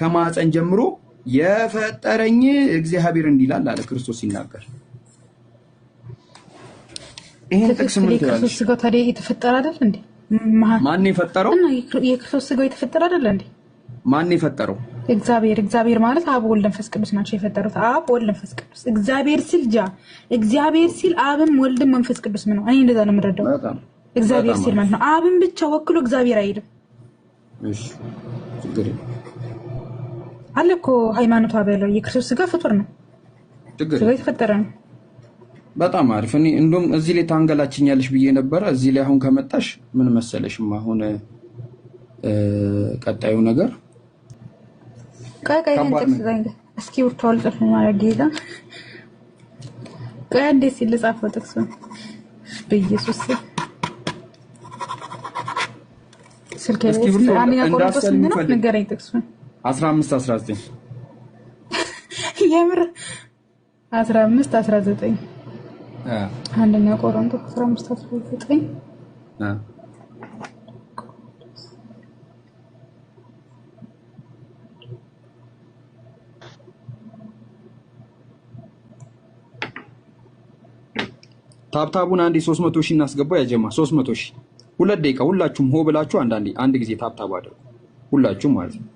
ከማፀን ጀምሮ የፈጠረኝ እግዚአብሔር እንዲላል አለ ክርስቶስ ሲናገር። ይሄን ጥቅስ ምን ትላለህ? የክርስቶስ ስጋው ታዲያ የተፈጠረ አይደል እንዴ? ማን የፈጠረው? የክርስቶስ ስጋው የተፈጠረ አይደል እንዴ? ማን የፈጠረው? እግዚአብሔር። እግዚአብሔር ማለት አብ፣ ወልድ፣ መንፈስ ቅዱስ ናቸው የፈጠሩት። አብ፣ ወልድ፣ መንፈስ ቅዱስ። እግዚአብሔር ሲል ጃ እግዚአብሔር ሲል አብም ወልድም መንፈስ ቅዱስም ነው። እኔ እንደዛ ነው የምረዳው። እግዚአብሔር ሲል ማለት ነው አብን ብቻ ወክሎ እግዚአብሔር አይልም። እሺ ችግር የለም። አለ እኮ ሃይማኖቷ በለው የክርስቶስ ስጋ ፍጡር ነው፣ ስጋ የተፈጠረ ነው። በጣም አሪፍ። እኔ እንደውም እዚህ ላይ ታንገላችኛለሽ ብዬ ነበረ። እዚህ ላይ አሁን ከመጣሽ ምን መሰለሽም፣ አሁን ቀጣዩ ነገር እስኪ ውርቷል ጽፍ ማድረግ ጌታ ቆይ አንዴ ሲል ጻፈው ጥቅሱ በኢየሱስ ስልክ ላይ ስለ አሚና ጥቅሱን አስራ የምር አንደኛ ቆሮንቶስ አስራ አምስት ታብታቡን አንዴ 300 ሺህ እናስገባው። ያጀማ 300 ሺህ ሁለት ደቂቃ ሁላችሁም ሆ ብላችሁ አንዳንዴ አንድ ጊዜ ታብታብ አድርጉ ሁላችሁም ማለት ነው።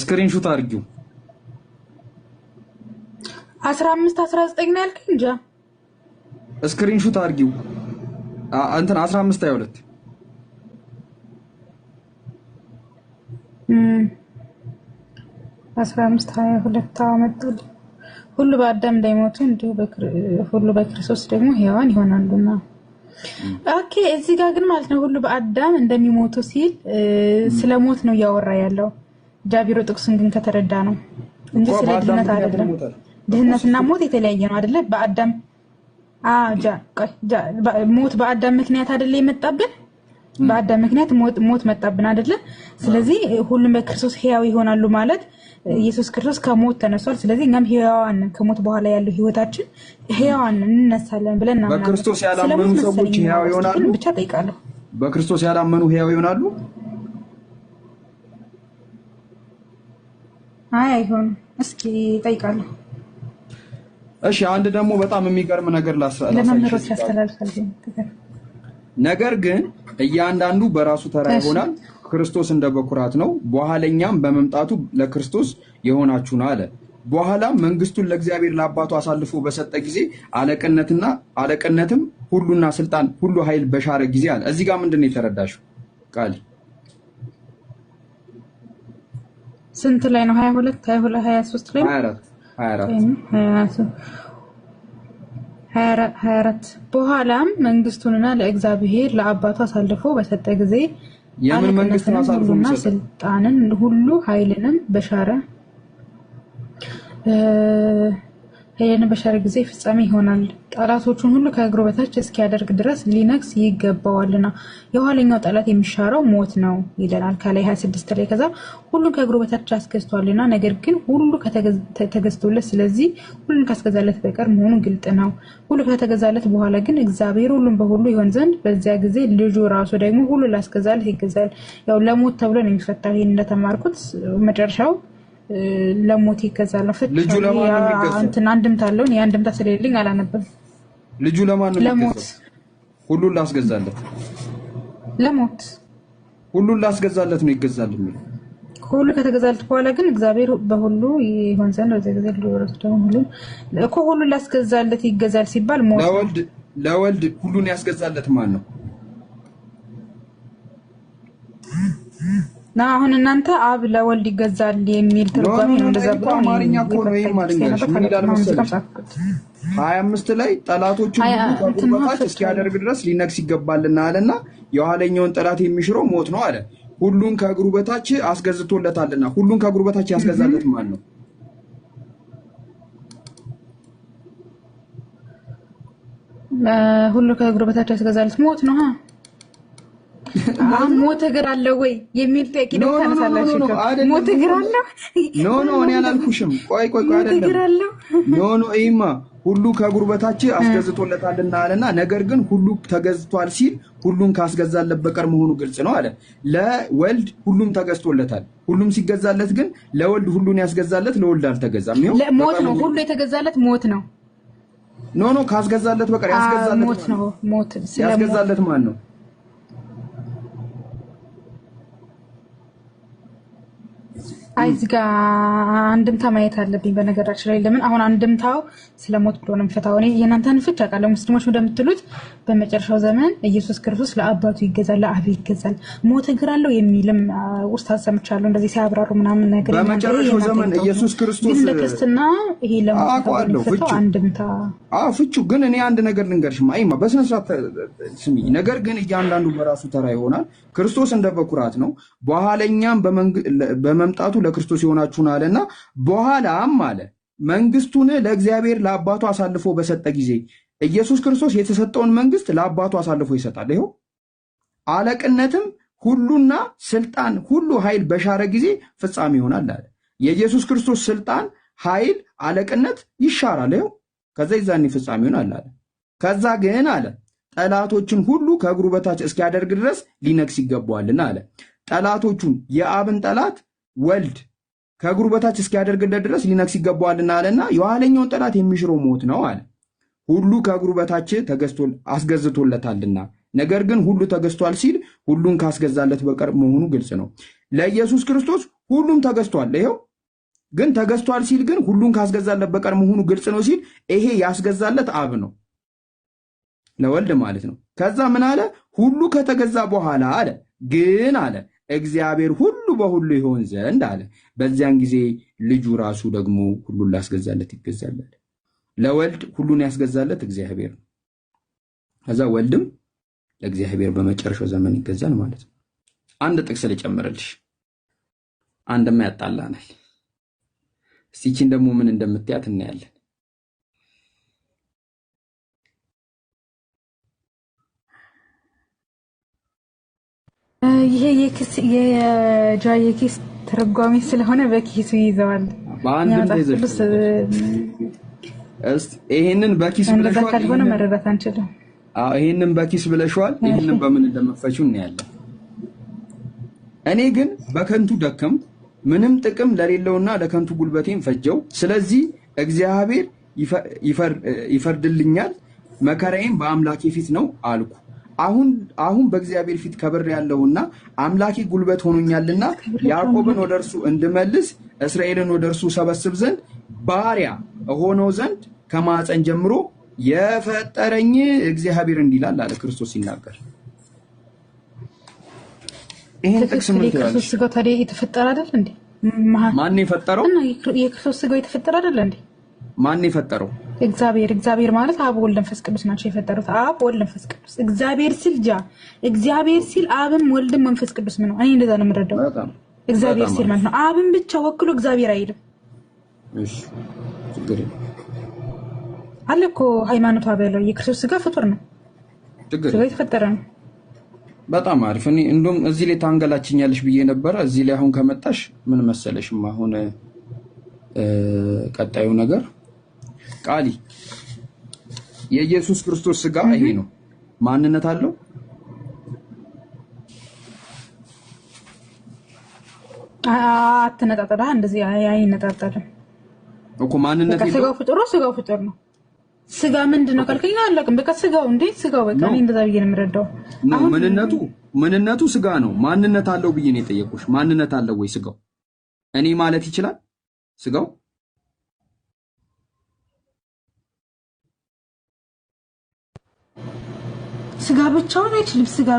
ስክሪንሹት አድርጊው። 15 19 ነው ያልከኝ እንጃ። ሹት አድርጊው እንትን 15 22 15 22 አመጡልኝ። ሁሉ በአዳም እንዳይሞቱ እንዲሁ ሁሉ በክርስቶስ ደግሞ ሕያዋን ይሆናሉና። ኦኬ እዚህ ጋር ግን ማለት ነው ሁሉ በአዳም እንደሚሞቱ ሲል ስለ ሞት ነው እያወራ ያለው። ጃቢሮ ጥቅሱን ግን ከተረዳ ነው እንጂ ስለ ድህነት አይደለም። ድህነትና ሞት የተለያየ ነው አይደለ? በአዳም ሞት በአዳም ምክንያት አይደለ የመጣብን በአዳም ምክንያት ሞት መጣብን አይደለ? ስለዚህ ሁሉም በክርስቶስ ህያው ይሆናሉ ማለት ኢየሱስ ክርስቶስ ከሞት ተነሷል። ስለዚህ እኛም ህያዋን ከሞት በኋላ ያለው ህይወታችን ህያዋን እንነሳለን ብለን በክርስቶስ ያላመኑ ሰዎች ይሆናሉ ብቻ ጠይቃለሁ። በክርስቶስ ያላመኑ ህያው ይሆናሉ አይ አይሆን፣ እስኪ ጠይቃለሁ። እሺ አንድ ደግሞ በጣም የሚገርም ነገር ለመምህሮች ያስተላልፋል። ነገር ግን እያንዳንዱ በራሱ ተራ ይሆናል። ክርስቶስ እንደ በኩራት ነው። በኋለኛም በመምጣቱ ለክርስቶስ የሆናችሁ ነው አለ። በኋላም መንግስቱን ለእግዚአብሔር ለአባቱ አሳልፎ በሰጠ ጊዜ አለቅነትና አለቅነትም ሁሉና ስልጣን ሁሉ ኃይል በሻረ ጊዜ አለ። እዚህ ጋር ምንድን ነው የተረዳሽው ቃል ስንት ላይ ነው? 22 22 23 ላይ 24 በኋላም መንግስቱንና ለእግዚአብሔር ለአባቱ አሳልፎ በሰጠ ጊዜ የምን መንግስትን አሳልፎ ስልጣንን ሁሉ ኃይልንም በሻረ በሄደንበት ጊዜ ፍጻሜ ይሆናል። ጠላቶቹን ሁሉ ከእግሩ በታች እስኪያደርግ ድረስ ሊነግስ ይገባዋልና የኋለኛው ጠላት የሚሻረው ሞት ነው ይለናል ከላይ 26 ላይ። ከዛ ሁሉን ከእግሩ በታች አስገዝቷልና፣ ነገር ግን ሁሉ ተገዝቶለት፣ ስለዚህ ሁሉን ካስገዛለት በቀር መሆኑ ግልጥ ነው። ሁሉ ከተገዛለት በኋላ ግን እግዚአብሔር ሁሉን በሁሉ ይሆን ዘንድ በዚያ ጊዜ ልጁ ራሱ ደግሞ ሁሉ ላስገዛለት ይገዛል። ያው ለሞት ተብሎ ነው የሚፈታው። ይህን እንደተማርኩት መጨረሻው ለሞት ይገዛል። ፍልጁ ለማን አንድምታ አለው? እኔ አንድምታ ስለሌለኝ አላነብም። ልጁ ለማን ለሞት ሁሉን ላስገዛለት፣ ለሞት ሁሉን ላስገዛለት ነው ይገዛል የሚል ሁሉ ከተገዛለት በኋላ ግን እግዚአብሔር በሁሉ ይሆን ዘንድ ወደ ጊዜ ሁሉም እኮ ሁሉን ላስገዛለት ይገዛል ሲባል ሞት ለወልድ ሁሉን ያስገዛለት ማን ነው? ና አሁን እናንተ አብ ለወልድ ይገዛል የሚል ትርጓሜ ነው። እንደዛ ብሎ አማርኛ እኮ ነው። ይሄ ማድንገሽ ምን ይላል መሰለሽ? ሀያ አምስት ላይ ጠላቶቹን በታች እስኪያደርግ ድረስ ሊነግስ ይገባልና አለና የኋለኛውን ጠላት የሚሽረው ሞት ነው አለ። ሁሉን ከእግሩ በታች አስገዝቶለታልና ሁሉን ከእግሩ በታች ያስገዛለት ማን ነው? ሁሉ ከእግሩ በታች ያስገዛለት ሞት ነው። ሞት እግር አለው ወይ የሚል ጥያቄ ደግሞ ሞት እግር አለው? ኖ ኖ፣ እኔ አላልኩሽም። ቆይ ቆይ ቆይ፣ አይደለም ኖ ኖ፣ ይማ ሁሉ ከጉርበታች አስገዝቶለታልና አለና፣ ነገር ግን ሁሉ ተገዝቷል ሲል ሁሉን ካስገዛለት በቀር መሆኑ ግልጽ ነው አለ። ለወልድ ሁሉም ተገዝቶለታል። ሁሉም ሲገዛለት ግን ለወልድ ሁሉን ያስገዛለት ለወልድ አልተገዛም። ይኸው ሞት ነው። ሁሉ የተገዛለት ሞት ነው። ኖ ኖ፣ ካስገዛለት በቀር ያስገዛለት ማን ነው? አይ እዚህ ጋ አንድምታ ማየት አለብኝ። በነገራችን ላይ ለምን አሁን አንድምታው ስለ ሞት ብሎ ነው የሚፈታው። እኔ የእናንተን ፍች አውቃለሁ። ሙስሊሞች እንደምትሉት በመጨረሻው ዘመን ኢየሱስ ክርስቶስ ለአባቱ ይገዛል፣ ለአብ ይገዛል፣ ሞት እግር አለው የሚልም ኡስታዝ ሰምቻለሁ፣ እንደዚህ ሲያብራሩ ምናምን ነገር። በመጨረሻው ዘመን ኢየሱስ ክርስቶስ ግን ለክርስትና ይሄ ለሞት አንድምታ ፍቹ። ግን እኔ አንድ ነገር ልንገርሽ ማይማ በስነስርዓት ስሚ። ነገር ግን እያንዳንዱ በራሱ ተራ ይሆናል። ክርስቶስ እንደ በኩራት ነው። በኋለኛም በመምጣቱ ለክርስቶስ የሆናችሁን አለና በኋላም አለ መንግስቱን ለእግዚአብሔር ለአባቱ አሳልፎ በሰጠ ጊዜ ኢየሱስ ክርስቶስ የተሰጠውን መንግስት ለአባቱ አሳልፎ ይሰጣል። ይኸው አለቅነትም ሁሉና ስልጣን ሁሉ ኃይል በሻረ ጊዜ ፍጻሜ ይሆናል አለ። የኢየሱስ ክርስቶስ ስልጣን፣ ኃይል፣ አለቅነት ይሻራል። ይኸው ከዛ ይዛኒ ፍጻሜ ይሆናል አለ። ከዛ ግን አለ ጠላቶችን ሁሉ ከእግሩ በታች እስኪያደርግ ድረስ ሊነግስ ይገባዋልና አለ። ጠላቶቹን የአብን ጠላት ወልድ ከእግሩ በታች እስኪያደርግለት ድረስ ሊነክስ ይገባዋልና አለና የኋለኛውን ጠላት የሚሽረው ሞት ነው አለ። ሁሉ ከእግሩ በታች አስገዝቶለታልና። ነገር ግን ሁሉ ተገዝቷል ሲል ሁሉን ካስገዛለት በቀር መሆኑ ግልጽ ነው። ለኢየሱስ ክርስቶስ ሁሉም ተገዝቷል። ይኸው ግን ተገዝቷል ሲል ግን ሁሉን ካስገዛለት በቀር መሆኑ ግልጽ ነው ሲል ይሄ ያስገዛለት አብ ነው፣ ለወልድ ማለት ነው። ከዛ ምን አለ? ሁሉ ከተገዛ በኋላ አለ ግን አለ እግዚአብሔር ሁሉ በሁሉ ይሆን ዘንድ አለ። በዚያን ጊዜ ልጁ ራሱ ደግሞ ሁሉን ላስገዛለት ይገዛላል። ለወልድ ሁሉን ያስገዛለት እግዚአብሔር ነው። ከዛ ወልድም ለእግዚአብሔር በመጨረሻው ዘመን ይገዛል ማለት ነው። አንድ ጥቅስ ልጨምርልሽ፣ አንድማ ያጣላናል። እስኪ ይቺን ደግሞ ምን እንደምትያት እናያለን። ይሄ የክስ የጃዬ ኬስ ተረጓሚ ስለሆነ በኪሱ ይዘዋል። ይሄንን በኪስ ብለሽዋል፣ ካልሆነ መረዳት አንችልም። ይሄንን በኪስ ብለሽዋል፣ ይሄንን በምን እንደመፈችው እናያለን። እኔ ግን በከንቱ ደከም ምንም ጥቅም ለሌለውና ለከንቱ ጉልበቴን ፈጀው። ስለዚህ እግዚአብሔር ይፈርድልኛል፣ መከራዬም በአምላኬ ፊት ነው አልኩ። አሁን አሁን በእግዚአብሔር ፊት ከብር ያለውና አምላኬ ጉልበት ሆኖኛልና ያዕቆብን ወደ እርሱ እንድመልስ እስራኤልን ወደ እርሱ ሰበስብ ዘንድ ባሪያ ሆነው ዘንድ ከማፀን ጀምሮ የፈጠረኝ እግዚአብሔር እንዲላል አለ ክርስቶስ ሲናገር። ይህን ጥቅስ ምን ስጋው ታዲያ የተፈጠረ አይደል እንዴ? ማን የፈጠረው? የክርስቶስ ስጋው የተፈጠረ አይደል እንዴ? ማን የፈጠረው? እግዚአብሔር እግዚአብሔር ማለት አብ ወልድ መንፈስ ቅዱስ ናቸው የፈጠሩት። አብ ወልድ መንፈስ ቅዱስ እግዚአብሔር ሲል ጃ እግዚአብሔር ሲል አብም ወልድም መንፈስ ቅዱስ ነው። እኔ እንደዛ ነው የምረዳው። እግዚአብሔር ሲል ማለት ነው አብም ብቻ ወክሎ እግዚአብሔር አይልም። አለ እኮ ሃይማኖቱ አብ ያለው የክርስቶስ ስጋ ፍጡር ነው፣ ስጋ የተፈጠረ ነው። በጣም አሪፍ። እኔ እንደውም እዚህ ላይ ታንገላችኛለሽ ብዬ ነበረ። እዚህ ላይ አሁን ከመጣሽ ምን መሰለሽም አሁን ቀጣዩ ነገር ቃሊ የኢየሱስ ክርስቶስ ስጋ ይሄ ነው። ማንነት አለው? አትነጣጠላ። እንደዚህ አይነጣጠልም እኮ ማንነት የለውም። ስጋው ፍጡር ነው። ስጋው ፍጡር ነው። ስጋ ምንድን ነው ካልከኝ አላውቅም። በቃ ስጋው እንዴ ስጋው በቃ እኔ እንደዛ ብዬ ነው የምረዳው። ምንነቱ ምንነቱ ስጋ ነው። ማንነት አለው ብዬ ነው የጠየቁሽ። ማንነት አለው ወይ ስጋው? እኔ ማለት ይችላል ስጋው ስጋ ብቻውን አይችልም። ስጋ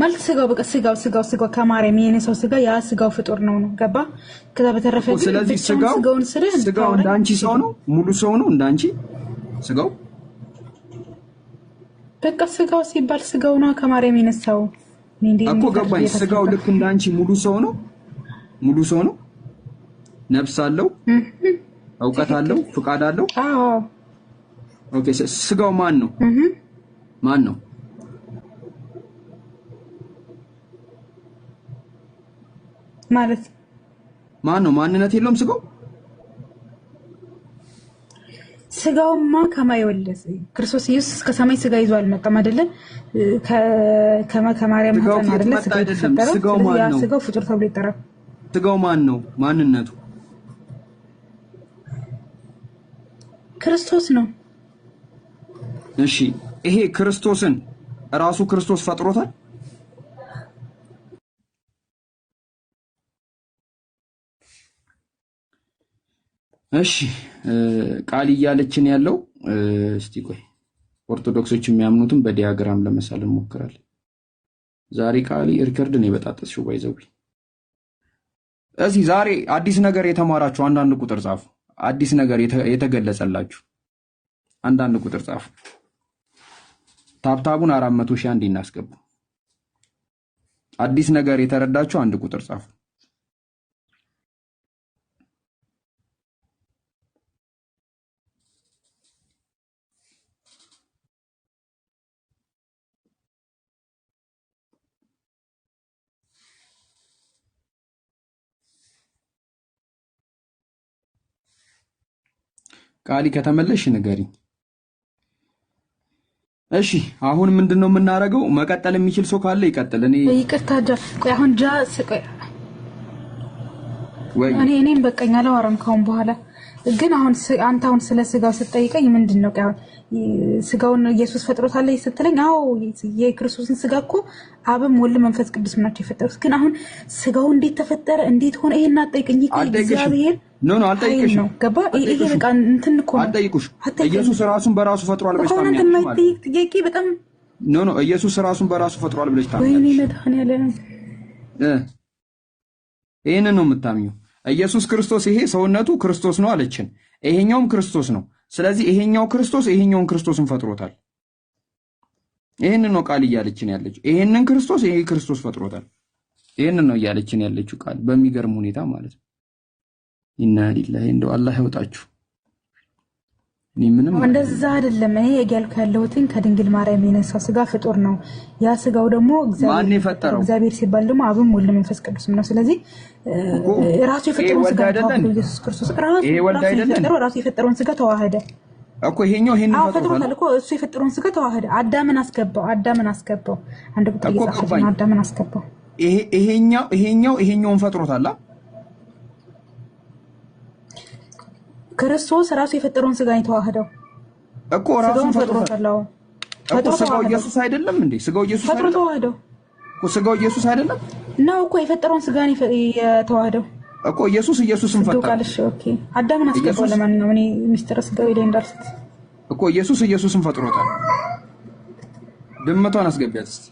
ማለት ስጋው በቃ ስጋው ስጋው ስጋው ከማርያም የኔ ሰው ስጋ ያ ስጋው ፍጡር ነው ነው ገባ። ከዛ በተረፈ ስለዚህ ስጋውን ስለ ስጋው እንደ አንቺ ሰው ነው፣ ሙሉ ሰው ነው እንደ አንቺ ስጋው በቃ ስጋው ሲባል ስጋው ነው ከማርያም የነሳው እኮ ገባኝ። ስጋው ልክ እንደ አንቺ ሙሉ ሰው ነው፣ ሙሉ ሰው ነው፣ ነፍስ አለው፣ እውቀት አለው፣ ፍቃድ አለው። ኦኬ ስጋው ማን ነው? ማን ነው? ማለት ማን ነው? ማንነት የለውም ስጋው። ስጋውማ ከማይ ይወለስ ክርስቶስ ኢየሱስ ከሰማይ ስጋ ይዞ አልመጣም አይደለ? ከማ ከማርያም አይደለ? ስጋው ማን ነው? ስጋው ፍጡር ተብሎ ይጠራል። ስጋው ማን ነው? ማንነቱ ክርስቶስ ነው። እሺ ይሄ ክርስቶስን ራሱ ክርስቶስ ፈጥሮታል። እሺ ቃል እያለችን ያለው እስቲ ቆይ ኦርቶዶክሶች የሚያምኑትን በዲያግራም ለመሳል እንሞክራለን። ዛሬ ቃሊ ሪከርድ ነው የበጣጠስሽው። ባይዘዊ እዚህ ዛሬ አዲስ ነገር የተማራችሁ አንዳንድ ቁጥር ጻፉ። አዲስ ነገር የተገለጸላችሁ አንዳንድ ቁጥር ጻፉ። ታብታቡን አራት መቶ ሺህ አንድ እናስገቡ። አዲስ ነገር የተረዳችሁ አንድ ቁጥር ጻፉ። ቃሊ ከተመለሽ ንገሪኝ። እሺ አሁን ምንድን ነው የምናደርገው? መቀጠል የሚችል ሰው ካለ ይቀጥል። እኔ ይቅርታ ጃ፣ ቆይ አሁን ጃ ስቆይ ወይ እኔ እኔም በቃኝ አላወራም ከአሁን በኋላ ግን አሁን አንተ አሁን ስለ ስጋው ስጠይቀኝ ምንድን ነው ቃል ስጋውን ኢየሱስ ፈጥሮታል ስትለኝ፣ አዎ የክርስቶስን ስጋ እኮ አብም ወልድ መንፈስ ቅዱስ ናቸው የፈጠሩት። ግን አሁን ስጋው እንዴት ተፈጠረ እንዴት ሆነ ይሄን አትጠይቀኝ። እግዚአብሔር ኖ ኖ አልጠይቅሽም። ገባ ይሄ በቃ እንትን እኮ አልጠይቁሽም። ኢየሱስ ራሱን በራሱ ፈጥሯል ብለሽ ታምኛለሽ? ጥያቄ በጣም ኖ ኖ ኢየሱስ ራሱን በራሱ ፈጥሯል ብለሽ ታምኛለሽ? ነው የምታምኘው። ኢየሱስ ክርስቶስ ይሄ ሰውነቱ ክርስቶስ ነው አለችን፣ ይሄኛውም ክርስቶስ ነው። ስለዚህ ይሄኛው ክርስቶስ ይሄኛውን ክርስቶስን ፈጥሮታል። ይሄንን ነው ቃል እያለችን ያለችው። ይሄንን ክርስቶስ ይሄ ክርስቶስ ፈጥሮታል። ይሄንን ነው እያለችን ያለችው ቃል በሚገርም ሁኔታ ማለት ነው። ኢና ሊላሂ እንደው አላህ ያወጣችሁ። እኔ ምንም እንደዛ አይደለም። እኔ እያልኩ ያለሁትን ከድንግል ማርያም የነሳ ስጋ ፍጡር ነው። ያ ስጋው ደግሞ እግዚአብሔር ሲባል ደግሞ አብም ወልድ መንፈስ ቅዱስ ነው። ስለዚህ ራሱ የፈጠረውን ስጋ ኢየሱስ ክርስቶስ ራሱ የፈጠረውን ስጋ ተዋህደ እኮ ይሄኛው ይሄን ነው ፈጥሮታል እኮ እሱ የፈጠረውን ስጋ ተዋህደ። አዳምን አስገባው፣ አዳምን አስገባው፣ አንድ ቁጥር አዳምን አስገባው። ይሄኛው ይሄኛው ይሄኛውን ፈጥሮታል አላ ክርስቶስ ራሱ የፈጠረውን ስጋ የተዋህደው እኮ ራሱ ፈጥሮታለው። ስጋው ኢየሱስ አይደለም እንዴ? ስጋው ኢየሱስ ፈጥሮ ተዋህደው እኮ ስጋው ኢየሱስ አይደለም ነው እኮ የፈጠረውን ስጋን የተዋህደው እኮ ኢየሱስ ኢየሱስን ፈጠረ ቃልሽ። ኦኬ አዳምን አስገባው ለማን ነው? እኔ ሚስጥር ስጋው ላይ እንዳልስት እኮ ኢየሱስ ኢየሱስን ፈጥሮታል። ድመቷን አስገቢያት እስቲ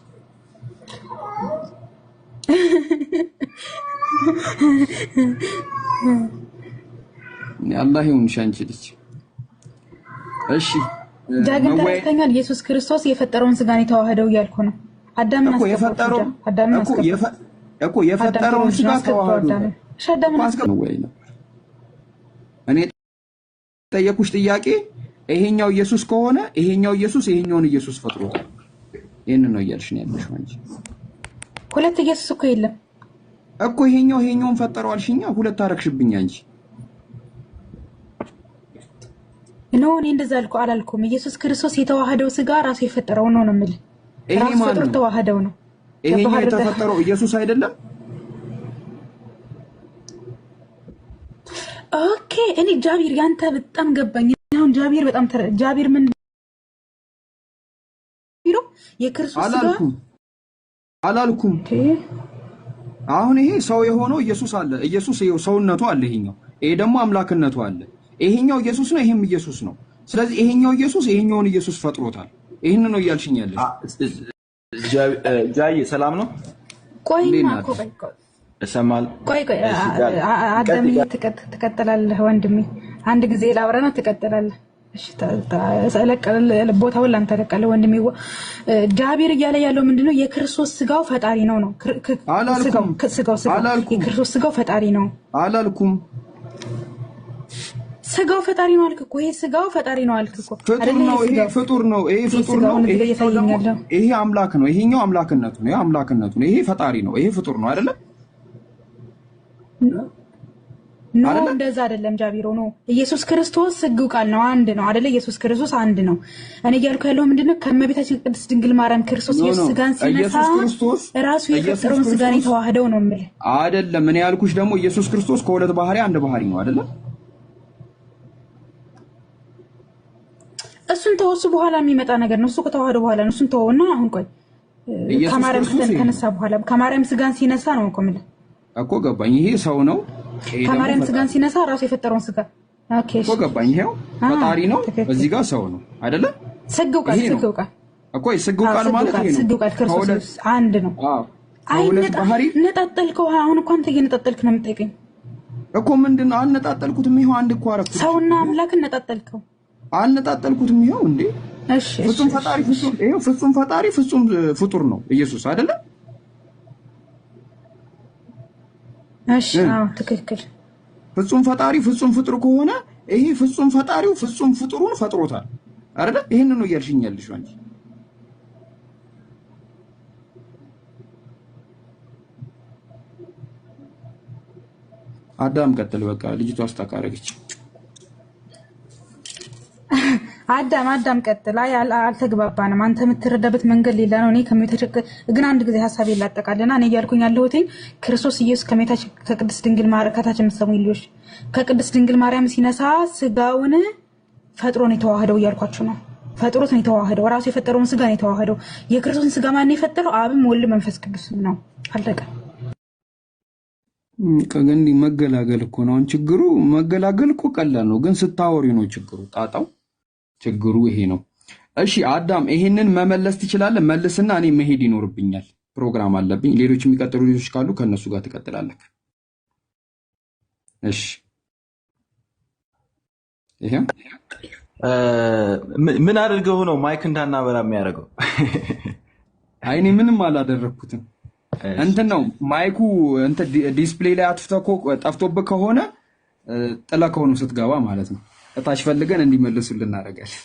አላህ ይሁንሽ አንቺ ልጅ። እሺ ዳግም ተመልክተኛል። ኢየሱስ ክርስቶስ የፈጠረውን ስጋ ነው የተዋህደው እያልኩ ነው። አዳምን እኮ የፈጠረው እኮ የፈጠረውን ስጋ ተዋህዶ ነው። እኔ ጠየኩሽ ጥያቄ ይሄኛው ኢየሱስ ከሆነ ይሄኛው ኢየሱስ ይሄኛውን ኢየሱስ ፈጥሮታል። ይሄንን ነው እያልሽ ነው ያለሽው አንቺ። ሁለት ኢየሱስ እኮ የለም እኮ ይሄኛው ይሄኛውን ፈጠረው አልሽኛ። ሁለት አረግሽብኝ አንቺ። ኖ እኔ እንደዛ አልኩ አላልኩም። ኢየሱስ ክርስቶስ የተዋህደው ስጋ ራሱ የፈጠረው ነው ነው የምልህ። ራሱ ነው። ተዋህደው ነው። ይሄኛው የተፈጠረው ኢየሱስ አይደለም። ኦኬ እኔ ጃቢር ያንተ በጣም ገባኝ። አሁን ጃቢር በጣም ጃቢር ምን ቢሮ የክርስቶስ ስጋ አላልኩም። አሁን ይሄ ሰው የሆነው ኢየሱስ አለ። ኢየሱስ ሰውነቱ አለ። ይሄኛው ይሄ ደግሞ አምላክነቱ አለ። ይሄኛው ኢየሱስ ነው፣ ይሄም ኢየሱስ ነው። ስለዚህ ይሄኛው ኢየሱስ ይሄኛውን ኢየሱስ ፈጥሮታል። ይህን ነው እያልሽኝ ጃዬ ሰላም ነው። ቆይ ቆይ፣ አዳምዬ ትቀጥላለህ ወንድሜ። አንድ ጊዜ ላውራና ትቀጥላለህ። ቦታውን ላንተ ለቃለሁ ወንድሜ። ጃቢር እያለ ያለው ምንድነው? የክርስቶስ ስጋው ፈጣሪ ነው ነው። የክርስቶስ ስጋው ፈጣሪ ነው አላልኩም ስጋው ፈጣሪ ነው አልክ እኮ። ይሄ ስጋው ፈጣሪ ነው አልክ እኮ። ፍጡር ነው ይሄ፣ ፍጡር ነው ይሄ፣ ፍጡር ነው ይሄ፣ አምላክ ነው ይሄኛው፣ አምላክነቱ ነው አምላክነቱ ነው። ይሄ ፈጣሪ ነው ይሄ ፍጡር ነው አይደለ? ኖ እንደዛ አይደለም ጃቢሮ። ኖ ኢየሱስ ክርስቶስ ሕግ ቃል ነው፣ አንድ ነው አይደለ? ኢየሱስ ክርስቶስ አንድ ነው። እኔ እያልኩ ያለው ምንድነው? ከእመቤታችን ቅድስት ድንግል ማርያም ክርስቶስ ኢየሱስ ስጋን ሲነሳ ራሱ የፈጠረውን ስጋን የተዋህደው ነው የምልህ አይደለም። እኔ ያልኩሽ ደግሞ ኢየሱስ ክርስቶስ ከሁለት ባህሪ አንድ ባህሪ ነው አይደለም? እሱን ተወው። እሱ በኋላ የሚመጣ ነገር ነው። እሱ ከተዋህደ በኋላ ነው። እሱን ተወውና አሁን ቆይ ከማርያም ስጋን ከነሳ በኋላ ከማርያም ስጋን ሲነሳ ነው እኮ የምልህ እኮ ገባኝ። ይሄ ሰው ነው። ከማርያም ስጋን ሲነሳ ራሱ የፈጠረውን ስጋ እኮ ገባኝ። ይሄው ፈጣሪ ነው፣ እዚህ ጋር ሰው ነው አይደለ? ስግው ቃል ስግው ቃል እኮ ስግው ቃል ማለት ይሄ ነው። ስግው ቃል ክርስቶስ አንድ ነው። አይ ነጣጠልከው። አሁን እኮ አንተ እየነጣጠልክ ነው የምጠይቀኝ እኮ ምንድን ነው? አልነጣጠልኩትም። ይሄው አንድ እኮ አደረኩት። ሰውና አምላክ ነጣጠልከው። አነጣጠልኩትም። ይኸው እንዴ ፍጹም ፈጣሪ ፍጹም ፈጣሪ ፍጹም ፍጡር ነው ኢየሱስ አይደለ? እሺ አዎ ትክክል። ፍጹም ፈጣሪ ፍጹም ፍጡር ከሆነ ይሄ ፍጹም ፈጣሪው ፍጹም ፍጡሩን ፈጥሮታል አይደለ? ይሄንን ነው እያልሽኝ ያለሽ አንቺ። አዳም ቀጥል። በቃ ልጅቷ አስታካረገች። አዳም አዳም ቀጥላ አልተግባባንም። አንተ የምትረዳበት መንገድ ሌላ ነው። እኔ ግን አንድ ጊዜ ሀሳብ ይላጠቃልና እኔ እያልኩኝ ያለሁትኝ ክርስቶስ ኢየሱስ ከሜታችን ከቅድስት ድንግል ከታች የምትሰሙ ልጆች ከቅድስት ድንግል ማርያም ሲነሳ ስጋውን ፈጥሮ ነው የተዋህደው እያልኳችሁ ነው። ፈጥሮት ነው የተዋህደው። ራሱ የፈጠረውን ስጋ ነው የተዋህደው። የክርስቶስን ስጋ ማን የፈጠረው? አብም ወልድ መንፈስ ቅዱስ ነው። አለቀ። መገላገል እኮ ነው ችግሩ። መገላገል እኮ ቀላል ነው፣ ግን ስታወሪ ነው ችግሩ ጣጣው ችግሩ ይሄ ነው። እሺ አዳም ይሄንን መመለስ ትችላለህ? መልስና እኔ መሄድ ይኖርብኛል፣ ፕሮግራም አለብኝ። ሌሎች የሚቀጥሉ ልጆች ካሉ ከእነሱ ጋር ትቀጥላለህ። እሺ ይሄ ምን አድርገው ነው ማይክ እንዳናበራ የሚያደርገው? አይ እኔ ምንም አላደረግኩትም። እንትን ነው ማይኩ ዲስፕሌይ ላይ አጥፍቶ ጠፍቶብህ ከሆነ ጥለህ ከሆኑ ስትገባ ማለት ነው እታች ፈልገን እንዲመልሱልን እናደርጋለን።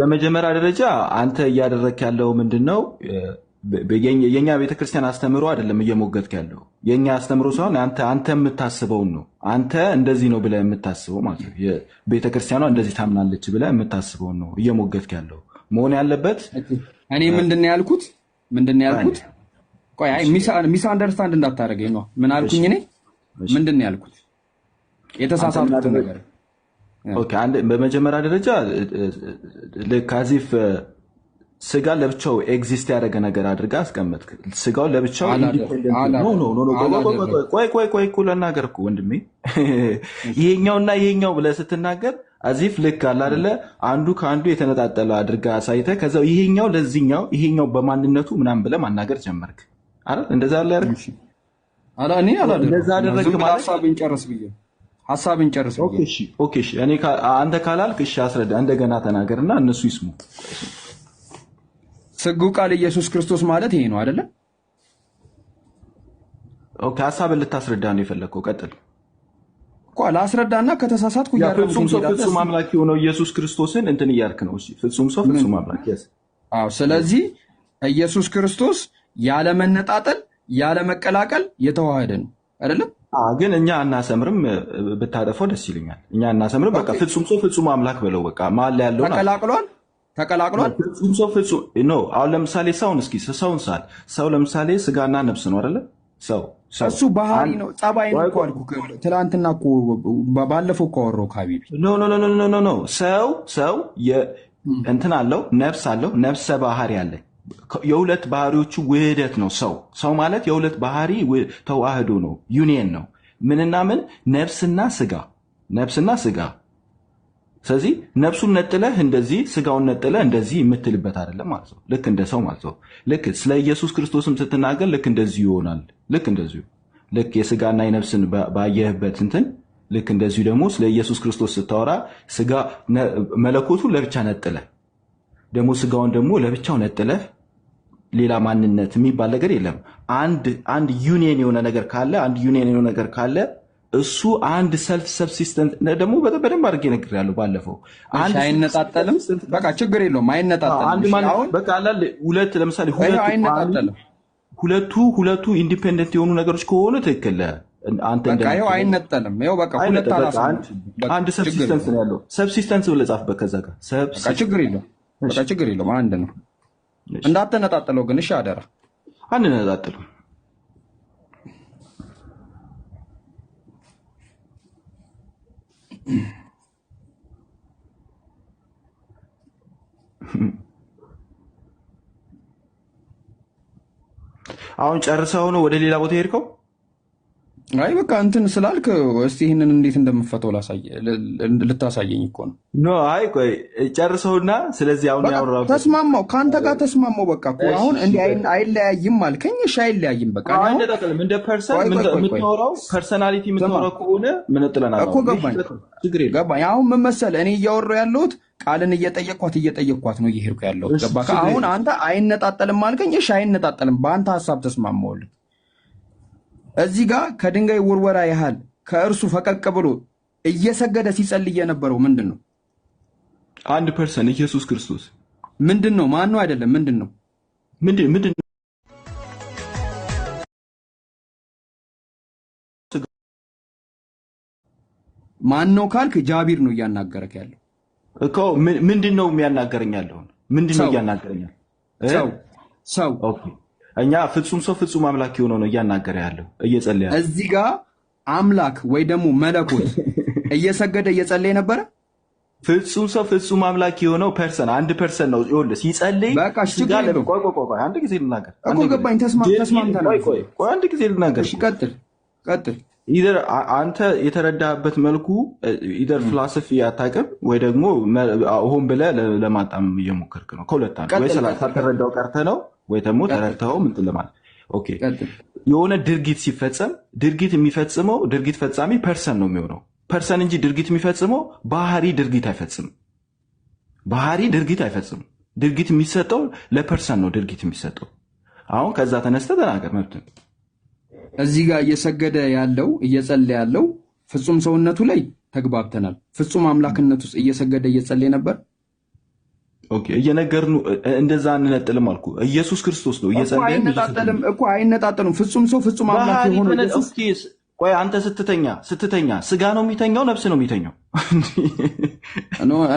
በመጀመሪያ ደረጃ አንተ እያደረግክ ያለው ምንድን ነው? የኛ ቤተክርስቲያን አስተምሮ አይደለም እየሞገትክ ያለው የኛ አስተምሮ ሳይሆን አንተ የምታስበውን ነው። አንተ እንደዚህ ነው ብለህ የምታስበው ማለት ነው። ቤተክርስቲያኗ እንደዚህ ታምናለች ብለህ የምታስበውን ነው እየሞገትክ ያለው መሆን ያለበት። እኔ ምንድን ነው ያልኩት? ምንድን ነው ያልኩት? ሚስ አንደርስታንድ እንዳታደርገኝ ነው። ምን አልኩኝ? እኔ ምንድን ነው ያልኩት? የተሳሳቱት ነገር በመጀመሪያ ደረጃ ከዚፍ ስጋ ለብቻው ኤግዚስት ያደረገ ነገር አድርጋ አስቀመጥክ። ስጋው ለብቻው ቆይ ቆይ ቆይ እኮ ለናገር እኮ ወንድሜ ይሄኛውና ይሄኛው ብለህ ስትናገር አዚፍ ልክ አለ አደለ? አንዱ ከአንዱ የተነጣጠለ አድርጋ አሳይተ ከዛ ይሄኛው ለዚኛው ይሄኛው በማንነቱ ምናምን ብለህ ማናገር ጀመርክ አ እንደዛ ያለ ያደረግ እንደዛ አደረግ ማለት ሳብ እንጨረስ ብዬ ሀሳብን ጨርስ። አንተ ካላልክ እሺ አስረዳ፣ እንደገና ተናገርና እነሱ ይስሙ። ስጉ ቃል ኢየሱስ ክርስቶስ ማለት ይሄ ነው አይደለም? ኦኬ፣ ሀሳብን ልታስረዳ ነው የፈለግከው? ቀጥል። ላስረዳና ከተሳሳትኩ ፍጹም ሰው ፍጹም አምላክ የሆነው ኢየሱስ ክርስቶስን እንትን እያልክ ነው። ፍጹም ሰው ፍጹም አምላክ። ስለዚህ ኢየሱስ ክርስቶስ ያለመነጣጠል ያለመቀላቀል የተዋህደ ነው። አይደለም ግን እኛ እናሰምርም ብታጠፈው ደስ ይለኛል። እኛ እናሰምርም በቃ ፍጹም ሰው ፍጹም አምላክ ብለው በቃ መሀል ያለው ተቀላቅሏል ተቀላቅሏል ፍጹም ሰው ፍጹም ኖ አሁን ለምሳሌ ሰውን እስኪ ሰውን ሳል ሰው ለምሳሌ ስጋና ነብስ ነው አይደለ? ሰው እሱ ባህሪ ነው ጸባይ ነው እኮ አልኩህ። ትላንትና እኮ ባለፈው እኮ አወራሁ ካቢቢ ኖ ኖ ኖ ኖ ሰው ሰው እንትን አለው ነፍስ አለው ነብሰ ባህሪ አለኝ የሁለት ባህሪዎቹ ውህደት ነው። ሰው ሰው ማለት የሁለት ባህሪ ተዋህዶ ነው፣ ዩኒየን ነው። ምንና ምን? ነፍስና ስጋ፣ ነፍስና ስጋ። ስለዚህ ነፍሱን ነጥለህ እንደዚህ ስጋውን ነጥለህ እንደዚህ የምትልበት አይደለም ማለት ነው። ልክ እንደ ሰው ማለት ነው። ልክ ስለ ኢየሱስ ክርስቶስም ስትናገር ልክ እንደዚሁ ይሆናል። ልክ እንደዚሁ ልክ የስጋና የነፍስን ባየህበት እንትን ልክ እንደዚሁ ደግሞ ስለ ኢየሱስ ክርስቶስ ስታወራ ስጋ መለኮቱን ለብቻ ነጥለህ ደግሞ ስጋውን ደግሞ ለብቻው ነጥለህ ሌላ ማንነት የሚባል ነገር የለም። አንድ ዩኒየን የሆነ ነገር ካለ አንድ ዩኒየን የሆነ ነገር ካለ እሱ አንድ ሰልፍ ሰብሲስተንት ደግሞ በደንብ አድርጌ ነግሬያለሁ ባለፈው። አይነጣጠልም፣ በቃ ችግር የለውም አይነጣጠልም። ሁለት ለምሳሌ ሁለቱ ሁለቱ ኢንዲፔንደንት የሆኑ ነገሮች ከሆኑ ትክክል አይነጠልም። አንድ ሰብሲስተንስ ነው ያለው። ሰብሲስተንስ ብለህ ጻፍበት ከዛ ጋር ችግር የለውም አንድ ነው። እንዳትነጣጥለው ግን እሺ፣ አደራ አንነጣጥለው። አሁን ጨርሰው ነው ወደ ሌላ ቦታ ሄድከው? አይ በቃ እንትን ስላልክ እስቲ ይህንን እንዴት እንደምፈተው ልታሳየኝ እኮ ነው። ኖ አይ ቆይ ጨርሰውና፣ ስለዚህ አሁን ያወራው ተስማማው፣ ከአንተ ጋር ተስማማው። በቃ አሁን አይለያይም አልከኝ። እሺ አይለያይም። በቃ አይነጣጠልም። እንደ ፐርሰን የምታወራው ፐርሰናሊቲ የምትኖረው ከሆነ ምንጥለናል እኮ ገባኝ፣ ገባኝ። አሁን ምን መሰለህ እኔ እያወራሁ ያለሁት ቃልን እየጠየቅኳት እየጠየቅኳት ነው እየሄድኩ ያለሁት። ገባህ? አሁን አንተ አይነጣጠልም አልከኝ። እሺ አይነጣጠልም። በአንተ ሀሳብ ተስማማውልን እዚህ ጋር ከድንጋይ ውርወራ ያህል ከእርሱ ፈቀቅ ብሎ እየሰገደ ሲጸልይ የነበረው ምንድን ነው? አንድ ፐርሰን ኢየሱስ ክርስቶስ ምንድን ነው? ማን ነው? አይደለም ምንድን ነው? ምንድን ማን ነው ካልክ ጃቢር ነው እያናገረክ ያለው እኮ። ምንድን ነው የሚያናገረኝ ያለውን ምንድን ነው እያናገረኛል? ሰው ሰው እኛ ፍጹም ሰው ፍጹም አምላክ የሆነው ነው እያናገረ ያለው እየጸለየ እዚህ ጋር አምላክ ወይ ደግሞ መለኮት እየሰገደ እየጸለየ ነበረ። ፍጹም ሰው ፍጹም አምላክ የሆነው ፐርሰን አንድ ፐርሰን ነው። ይኸውልህ ሲጸልይ አንድ ጊዜ ልናገር እኮ ገባኝ። ተስማምተናል። አንድ ጊዜ ልናገር። ቀጥል ቀጥል። ኢደር አንተ የተረዳህበት መልኩ ኢደር ፍላስፊ አታውቅም ወይ ደግሞ ሆን ብለህ ለማጣም እየሞከርክ ነው። ከሁለት አንዱ ወይ ሳልተረዳው ቀርተህ ነው ወይ ደግሞ ተረድተኸው እንትን ለማለት የሆነ ድርጊት ሲፈጸም ድርጊት የሚፈጽመው ድርጊት ፈጻሚ ፐርሰን ነው የሚሆነው ፐርሰን እንጂ ድርጊት የሚፈጽመው ባህሪ ድርጊት አይፈጽምም። ባህሪ ድርጊት አይፈጽምም። ድርጊት የሚሰጠው ለፐርሰን ነው። ድርጊት የሚሰጠው አሁን ከዛ ተነስተ ተናገር። መብት እዚህ ጋር እየሰገደ ያለው እየጸለ ያለው ፍጹም ሰውነቱ ላይ ተግባብተናል። ፍጹም አምላክነት ውስጥ እየሰገደ እየጸለ ነበር። እየነገርን እንደዛ አንነጥልም አልኩ። ኢየሱስ ክርስቶስ ነው እየጸለይን እኮ አይነጣጠልም። ፍጹም ሰው ፍጹም አምላክ የሆነ ቆይ አንተ ስትተኛ ስትተኛ ስጋ ነው የሚተኛው ነፍስ ነው የሚተኛው?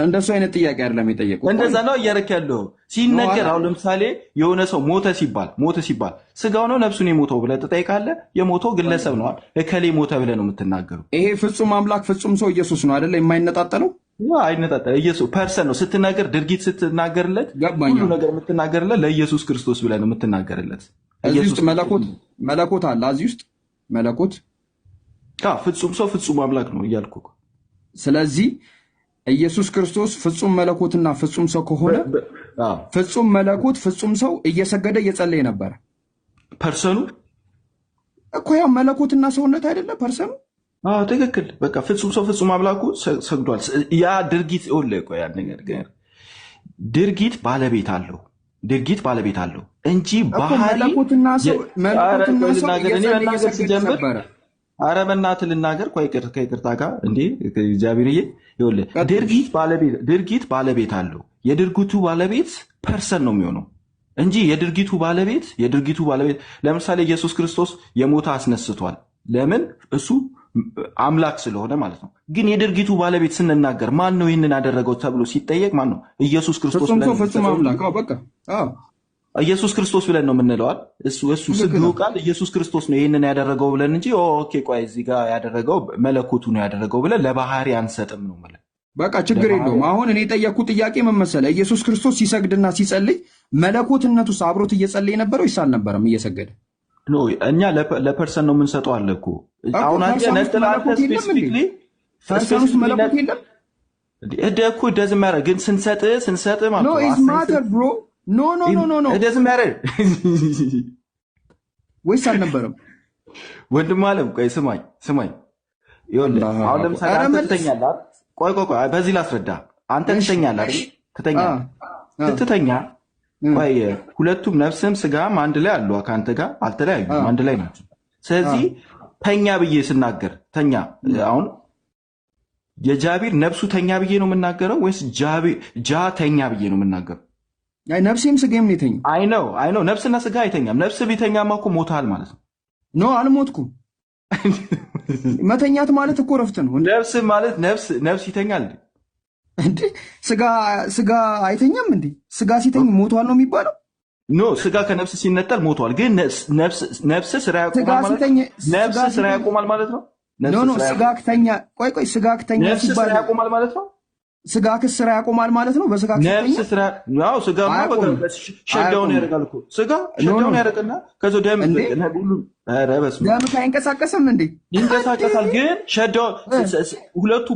እንደሱ አይነት ጥያቄ አይደለም የጠየቁት። እንደዛ ነው እያረክ ያለው ሲነገር። አሁን ለምሳሌ የሆነ ሰው ሞተ ሲባል ሞተ ሲባል ስጋው ነው ነፍሱን የሞተው ብለህ ትጠይቃለህ? የሞተው ግለሰብ ነዋል። እከሌ ሞተ ብለህ ነው የምትናገሩ። ይሄ ፍጹም አምላክ ፍጹም ሰው ኢየሱስ ነው አይደለ የማይነጣጠለው አይነጣጠል ፐርሰን ነው ስትናገር፣ ድርጊት ስትናገርለት፣ ሁሉ ነገር የምትናገርለት ለኢየሱስ ክርስቶስ ብለህ ነው የምትናገርለት። እዚህ ውስጥ መለኮት መለኮት አለ። እዚህ ውስጥ መለኮት ፍጹም ሰው ፍጹም አምላክ ነው እያልኩ ስለዚህ ኢየሱስ ክርስቶስ ፍጹም መለኮትና ፍጹም ሰው ከሆነ ፍጹም መለኮት ፍጹም ሰው እየሰገደ እየጸለየ ነበረ። ፐርሰኑ እኮ ያው መለኮትና ሰውነት አይደለ ፐርሰኑ አዎ ትክክል። በቃ ፍጹም ሰው ፍጹም አምላኩ ሰግዷል። ያ ድርጊት ወለቀ ያ ነገር ድርጊት ባለቤት አለው። ድርጊት ባለቤት አለው እንጂ ባህሪ አረ በእናትህ ልናገር ከይቅርታ ጋር እንዴ እግዚአብሔርዬ፣ ድርጊት ባለቤት አለው። የድርጊቱ ባለቤት ፐርሰን ነው የሚሆነው እንጂ የድርጊቱ ባለቤት የድርጊቱ ባለቤት ለምሳሌ ኢየሱስ ክርስቶስ የሞተ አስነስቷል። ለምን እሱ አምላክ ስለሆነ ማለት ነው። ግን የድርጊቱ ባለቤት ስንናገር ማን ነው ይህንን ያደረገው ተብሎ ሲጠየቅ ማን ነው? ኢየሱስ ክርስቶስ ኢየሱስ ክርስቶስ ብለን ነው የምንለዋል። እሱ ስግሉ ቃል ኢየሱስ ክርስቶስ ነው ይህንን ያደረገው ብለን እንጂ ኦኬ፣ ቆይ እዚህ ጋር ያደረገው መለኮቱ ነው ያደረገው ብለን ለባህሪ አንሰጥም ነው የምልህ። በቃ ችግር የለውም። አሁን እኔ የጠየቅኩ ጥያቄ ምን መሰለህ? ኢየሱስ ክርስቶስ ሲሰግድና ሲጸልይ መለኮትነቱስ አብሮት እየጸለይ ነበረው ይስ አልነበረም እየሰገደ እኛ ለፐርሰን ነው የምንሰጠው አለ እኮ አሁን አንተ አንተ ስፔሲፊክሊ ፐርሰን ውስጥ መለኮት የለም እደ እኮ ደዝ ማረ ግን ስንሰጥ ስንሰጥ ማለት ነው ማተር ብሮ ኖ ኖ ኖ ኖ ኖ ደዝ ማረ ወይስ አልነበረም ወንድም አለም ቆይ ስማኝ ስማኝ አሁን ለምሳሌ አንተ ትተኛለህ ቆይ ቆይ ቆይ በዚህ ላስረዳ አንተ ትተኛለህ ትተኛ ትተኛ ሁለቱም ነፍስም ስጋም አንድ ላይ አሉ። ከአንተ ጋር አልተለያዩም፣ አንድ ላይ ናቸው። ስለዚህ ተኛ ብዬ ስናገር ተኛ አሁን የጃቢር ነፍሱ ተኛ ብዬ ነው የምናገረው ወይስ ጃ ተኛ ብዬ ነው የምናገረው? ነፍሴም ስጋም የተኛ አይ ነው አይ ነው። ነፍስና ስጋ አይተኛም። ነፍስ ቢተኛማ እኮ ሞታል ማለት ነው። ኖ አልሞትኩም። መተኛት ማለት እኮ ረፍት ነው። ነፍስ ማለት ነፍስ ይተኛል እንዴ ስጋ ስጋ አይተኛም እንዴ? ስጋ ሲተኝ ሞቷል ነው የሚባለው? ኖ ስጋ ከነፍስ ሲነጠል ሞቷል። ግን ነፍስ ስራ ያቆማል ማለት ነው። ስጋ ክተኛ ቆይ ቆይ ስጋ ክተኛ ሲባል ያቆማል ማለት ነው። ስጋ ክስ ስራ ያቆማል ማለት ነው። በስጋ ስጋ ሸዳውን ያደርጋል እኮ ስጋ ሸዳውን ያደርግና ከዚ ደም ደም አይንቀሳቀስም እንዴ? ይንቀሳቀሳል፣ ግን ሁለቱ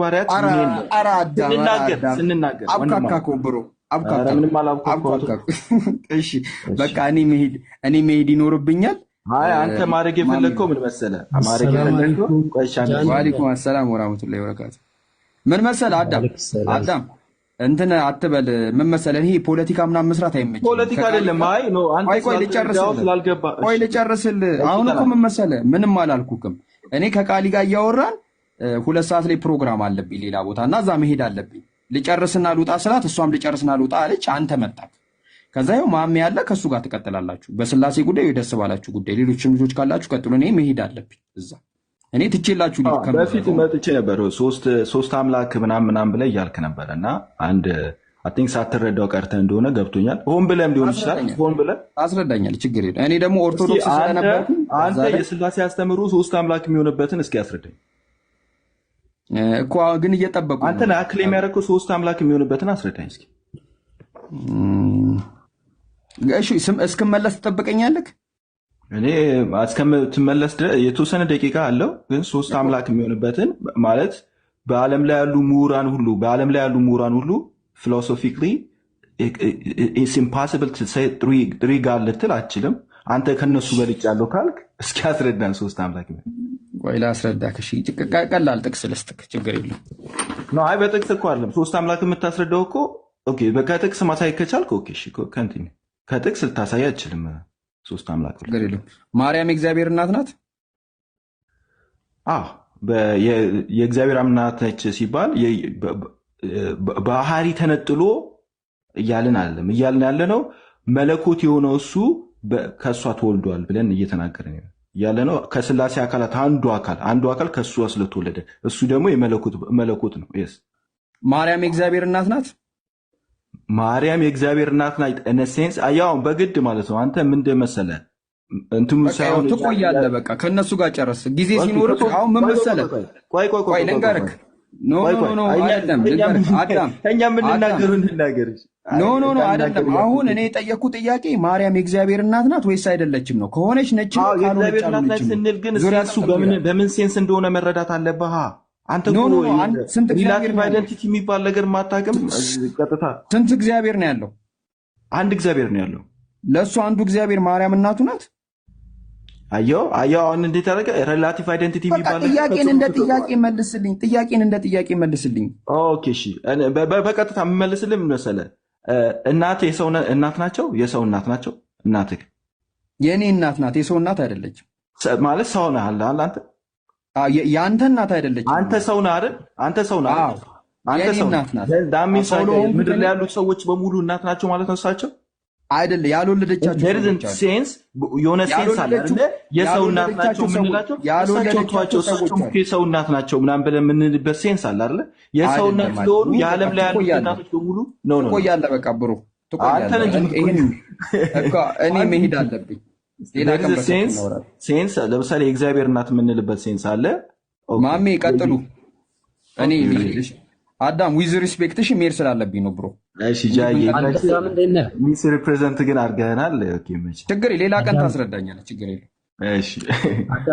ባህሪያት ስንናገር ብሮ በቃ እኔ መሄድ ይኖርብኛል። አይ አንተ ማድረግ የፈለግከው ምን መሰለህ? ማድረግ የፈለግከው ዋሊኩም አሰላም ወራህመቱላሂ ወበረካቱ ምን መሰል አዳም አዳም እንትን አትበል። ምን መሰለህ ይሄ ፖለቲካ ምናምን መስራት አይመችም። ፖለቲካ አይደለም። አይ ኖ አንተ ቆይ ልጨርስልህ። አሁን እኮ ምን መሰለህ ምንም አላልኩህም። እኔ ከቃሊ ጋር እያወራን ሁለት ሰዓት ላይ ፕሮግራም አለብኝ ሌላ ቦታ እና እዛ መሄድ አለብኝ። ልጨርስና ልውጣ ስላት እሷም ልጨርስና ልውጣ አለች። አንተ መጣክ። ከዛ ይኸው ማሜ ያለ ከእሱ ጋር ትቀጥላላችሁ። በስላሴ ጉዳይ ደስ ባላችሁ ጉዳይ፣ ሌሎችም ልጆች ካላችሁ ቀጥሎ። እኔ መሄድ አለብኝ እዛ እኔ ትቼላችሁ በፊት መጥቼ ነበር። ሶስት አምላክ ምናም ምናም ብለህ እያልክ ነበር እና አንድ አን ሳትረዳው ቀርተ እንደሆነ ገብቶኛል። ሆን ብለህም ሊሆን ይችላል። ሆን ብለህ አስረዳኛል። ችግር የለም። እኔ ደግሞ ኦርቶዶክስ ስለነበር አንተ የስላሴ አስተምሮ ሶስት አምላክ የሚሆንበትን እስኪ አስረዳኝ እኮ ግን እየጠበቁ አንተ አክል የሚያደርገው ሶስት አምላክ የሚሆንበትን አስረዳኝ እስኪ። እሺ እስክመለስ ትጠብቀኛለህ? እኔ እስከምትመለስ የተወሰነ ደቂቃ አለው፣ ግን ሶስት አምላክ የሚሆንበትን ማለት በዓለም ላይ ያሉ ምሁራን ሁሉ በዓለም ላይ ያሉ ምሁራን ሁሉ ፊሎሶፊክሊ ኢምፓስብል ትሪ ጋር ልትል አችልም። አንተ ከነሱ በልጭ ያለው ካልክ እስኪ አስረዳን። ሶስት አምላክ ቆይ ላስረዳህ። ከሺ ቀላል ጥቅስ ልስጥክ፣ ችግር የለም። አይ በጥቅስ እኮ አለም ሶስት አምላክ የምታስረዳው እኮ ከጥቅስ ማሳየት ከቻልክ ከጥቅስ ልታሳይ አችልም። ሶስት አምላክ ማርያም የእግዚአብሔር እናት ናት። የእግዚአብሔር እናት ነች ሲባል ባህሪ ተነጥሎ እያልን አለም እያልን ያለ ነው። መለኮት የሆነው እሱ ከእሷ ተወልዷል ብለን እየተናገረ ያለ ነው። ከስላሴ አካላት አንዱ አካል አንዱ አካል ከእሷ ስለተወለደ እሱ ደግሞ የመለኮት ነው። ማርያም የእግዚአብሔር እናት ናት። ማርያም የእግዚአብሔር እናት ናት። ነሴንስ ያው በግድ ማለት ነው። አንተ ምን እንደመሰለ እንትም ሳይሆን በቃ ከእነሱ ጋር ጨረስ። ጊዜ ሲኖር አሁን ምን መሰለ፣ ቆይ ቆይ ቆይ ልንገርህ። ኖ ኖ አይደለም፣ አዳም እኛ የምንናገሩ እንናገር። ኖ ኖ ኖ አይደለም። አሁን እኔ የጠየቅኩ ጥያቄ ማርያም የእግዚአብሔር እናት ናት ወይስ አይደለችም ነው። ከሆነች ነች፣ ካልሆነች ዙሪያ እሱ በምን ሴንስ እንደሆነ መረዳት አለብህ። አንተ ኖ ሪላቲቭ አይደንቲቲ የሚባል ነገር ማታቅም። ቀጥታ ስንት እግዚአብሔር ነው ያለው? አንድ እግዚአብሔር ነው ያለው። ለእሱ አንዱ እግዚአብሔር ማርያም እናቱ ናት። አየው አየው፣ አሁን እንዴት ያደረገ ሬላቲቭ አይደንቲቲ የሚባል ጥያቄን እንደ ጥያቄ መልስልኝ። ጥያቄን እንደ ጥያቄ መልስልኝ። ኦኬ እሺ፣ በቀጥታ የምመልስልህ ምን መሰለህ? እናት የሰው እናት ናቸው፣ የሰው እናት ናቸው። እናትህ የእኔ እናት ናት፣ የሰው እናት አይደለችም። ማለት ሰው ነህ አለ አንተ የአንተ እናት አይደለችም። አንተ ሰው ነህ አይደል? አንተ ሰው ነህ አንተ ሰው ዳሜ ሰው ምድር ላይ ያሉት ሰዎች በሙሉ እናት ናቸው ማለት ነው። እሳቸው አይደለ ያልወለደቻቸው ሴንስ የሆነ ሴንስ አለ የሰው እናት ናቸው የምንላቸው ያልወለደቻቸው ሰዎች የሰው እናት ናቸው ምናምን ብለን የምንልበት ሴንስ አለ አይደለ? የሰው እናት ስለሆኑ የዓለም ላይ ያሉት እናቶች በሙሉ ነው ነው። ትቆያለህ በቃ ብሩ፣ ትቆያለህ። እኔ መሄድ አለብኝ ሴንስ ለምሳሌ የእግዚአብሔር እናት የምንልበት ሴንስ አለ። ማሜ ቀጥሉ። እኔ አዳም ዊዝ ሪስፔክትሽ ሜር ስላለብኝ ነው ብሮ ሚስ ሪፕሬዘንት ግን አድርገናል። ችግር ሌላ ቀን ታስረዳኛለህ። ችግር የለም።